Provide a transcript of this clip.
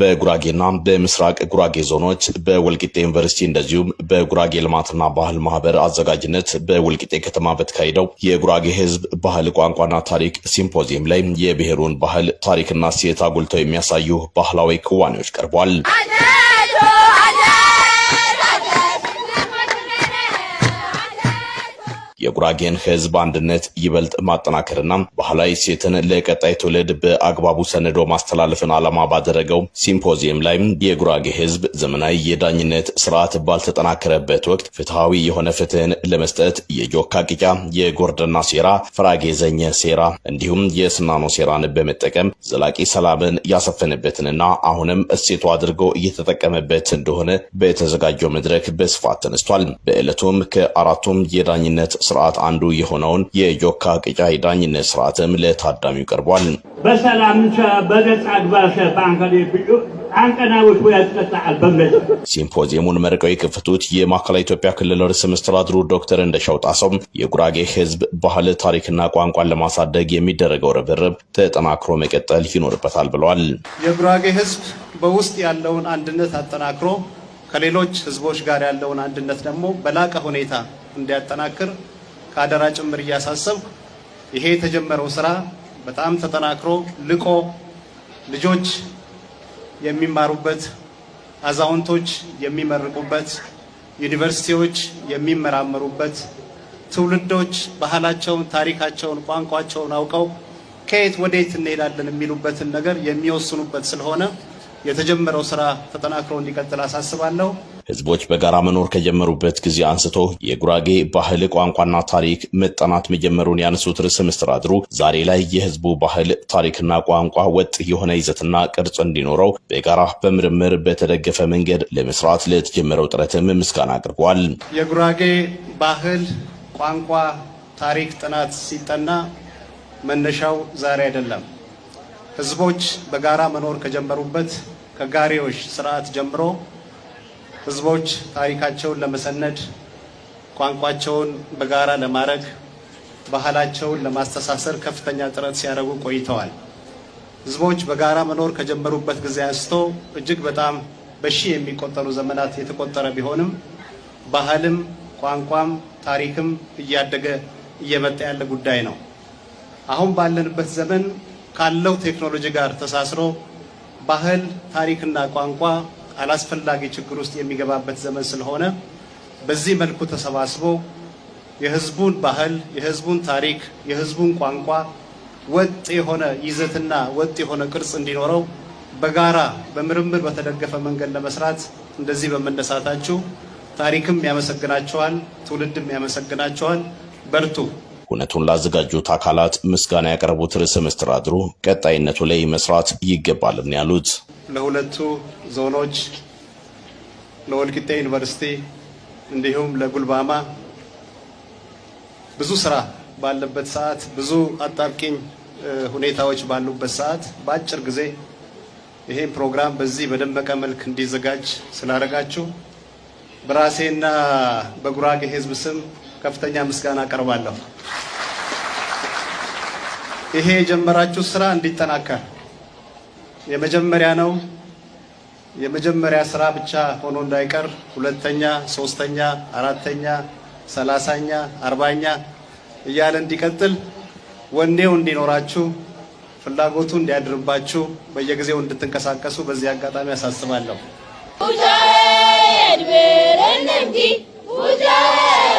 በጉራጌና በምስራቅ ጉራጌ ዞኖች በወልቂጤ ዩኒቨርሲቲ እንደዚሁም በጉራጌ ልማትና ባህል ማህበር አዘጋጅነት በወልቂጤ ከተማ በተካሄደው የጉራጌ ህዝብ ባህል ቋንቋና ታሪክ ሲምፖዚየም ላይ የብሔሩን ባህል ታሪክና ሴት አጉልተው የሚያሳዩ ባህላዊ ክዋኔዎች ቀርቧል። የጉራጌን ህዝብ አንድነት ይበልጥ ማጠናከርና ባህላዊ ሴትን ለቀጣይ ትውልድ በአግባቡ ሰንዶ ማስተላለፍን ዓላማ ባደረገው ሲምፖዚየም ላይ የጉራጌ ህዝብ ዘመናዊ የዳኝነት ስርዓት ባልተጠናከረበት ወቅት ፍትሐዊ የሆነ ፍትህን ለመስጠት የጆካ ቂጫ፣ የጎርደና ሴራ፣ ፍራጌዘኘ ሴራ እንዲሁም የስናኖ ሴራን በመጠቀም ዘላቂ ሰላምን ያሰፈነበትንና አሁንም እሴቱ አድርጎ እየተጠቀመበት እንደሆነ በተዘጋጀው መድረክ በስፋት ተነስቷል። በዕለቱም ከአራቱም የዳኝነት ስርዓት ስርዓት አንዱ የሆነውን የጆካ ቅጫ የዳኝነት ስርዓትም ለታዳሚው ቀርቧል። በሰላም በገጽ አግባሸ አንቀናዎች ወይ ሲምፖዚየሙን መርቀው የከፈቱት የማዕከላዊ ኢትዮጵያ ክልል ርዕሰ መስተዳድሩ ዶክተር እንደሻው ጣሰው የጉራጌ ሕዝብ ባህል ታሪክና ቋንቋን ለማሳደግ የሚደረገው ርብርብ ተጠናክሮ መቀጠል ይኖርበታል ብለዋል። የጉራጌ ሕዝብ በውስጥ ያለውን አንድነት አጠናክሮ ከሌሎች ሕዝቦች ጋር ያለውን አንድነት ደግሞ በላቀ ሁኔታ እንዲያጠናክር ከአደራ ጭምር እያሳሰብኩ ይሄ የተጀመረው ስራ በጣም ተጠናክሮ ልቆ ልጆች የሚማሩበት፣ አዛውንቶች የሚመርቁበት፣ ዩኒቨርሲቲዎች የሚመራመሩበት፣ ትውልዶች ባህላቸውን፣ ታሪካቸውን፣ ቋንቋቸውን አውቀው ከየት ወደየት እንሄዳለን የሚሉበትን ነገር የሚወስኑበት ስለሆነ የተጀመረው ስራ ተጠናክሮ እንዲቀጥል አሳስባለሁ። ህዝቦች በጋራ መኖር ከጀመሩበት ጊዜ አንስቶ የጉራጌ ባህል ቋንቋና ታሪክ መጠናት መጀመሩን ያነሱት ርዕሰ መስተዳድሩ ዛሬ ላይ የህዝቡ ባህል ታሪክና ቋንቋ ወጥ የሆነ ይዘትና ቅርጽ እንዲኖረው በጋራ በምርምር በተደገፈ መንገድ ለመስራት ለተጀመረው ጥረትም ምስጋና አቅርቧል። የጉራጌ ባህል ቋንቋ ታሪክ ጥናት ሲጠና መነሻው ዛሬ አይደለም። ህዝቦች በጋራ መኖር ከጀመሩበት ከጋሪዎች ስርዓት ጀምሮ ህዝቦች ታሪካቸውን ለመሰነድ ቋንቋቸውን በጋራ ለማድረግ ባህላቸውን ለማስተሳሰር ከፍተኛ ጥረት ሲያደርጉ ቆይተዋል። ህዝቦች በጋራ መኖር ከጀመሩበት ጊዜ አንስቶ እጅግ በጣም በሺ የሚቆጠሩ ዘመናት የተቆጠረ ቢሆንም ባህልም ቋንቋም ታሪክም እያደገ እየመጣ ያለ ጉዳይ ነው። አሁን ባለንበት ዘመን ካለው ቴክኖሎጂ ጋር ተሳስሮ ባህል፣ ታሪክና ቋንቋ አላስፈላጊ ችግር ውስጥ የሚገባበት ዘመን ስለሆነ በዚህ መልኩ ተሰባስቦ የህዝቡን ባህል፣ የህዝቡን ታሪክ፣ የህዝቡን ቋንቋ ወጥ የሆነ ይዘትና ወጥ የሆነ ቅርጽ እንዲኖረው በጋራ በምርምር በተደገፈ መንገድ ለመስራት እንደዚህ በመነሳታችሁ ታሪክም ያመሰግናችኋል፣ ትውልድም ያመሰግናችኋል። በርቱ። እውነቱን ላዘጋጁት አካላት ምስጋና ያቀረቡት ርዕሰ መስተዳድሩ ቀጣይነቱ ላይ መስራት ይገባልም ያሉት ለሁለቱ ዞኖች ለወልቂጤ ዩኒቨርሲቲ እንዲሁም ለጉልባማ ብዙ ስራ ባለበት ሰዓት ብዙ አጣብቂኝ ሁኔታዎች ባሉበት ሰዓት በአጭር ጊዜ ይሄን ፕሮግራም በዚህ በደመቀ መልክ እንዲዘጋጅ ስላደረጋችሁ በራሴና በጉራጌ ህዝብ ስም ከፍተኛ ምስጋና አቀርባለሁ። ይሄ የጀመራችሁ ስራ እንዲጠናከር የመጀመሪያ ነው። የመጀመሪያ ስራ ብቻ ሆኖ እንዳይቀር ሁለተኛ፣ ሶስተኛ፣ አራተኛ፣ ሰላሳኛ፣ አርባኛ እያለ እንዲቀጥል ወኔው እንዲኖራችሁ ፍላጎቱ እንዲያድርባችሁ በየጊዜው እንድትንቀሳቀሱ በዚህ አጋጣሚ አሳስባለሁ። Edward and Empty,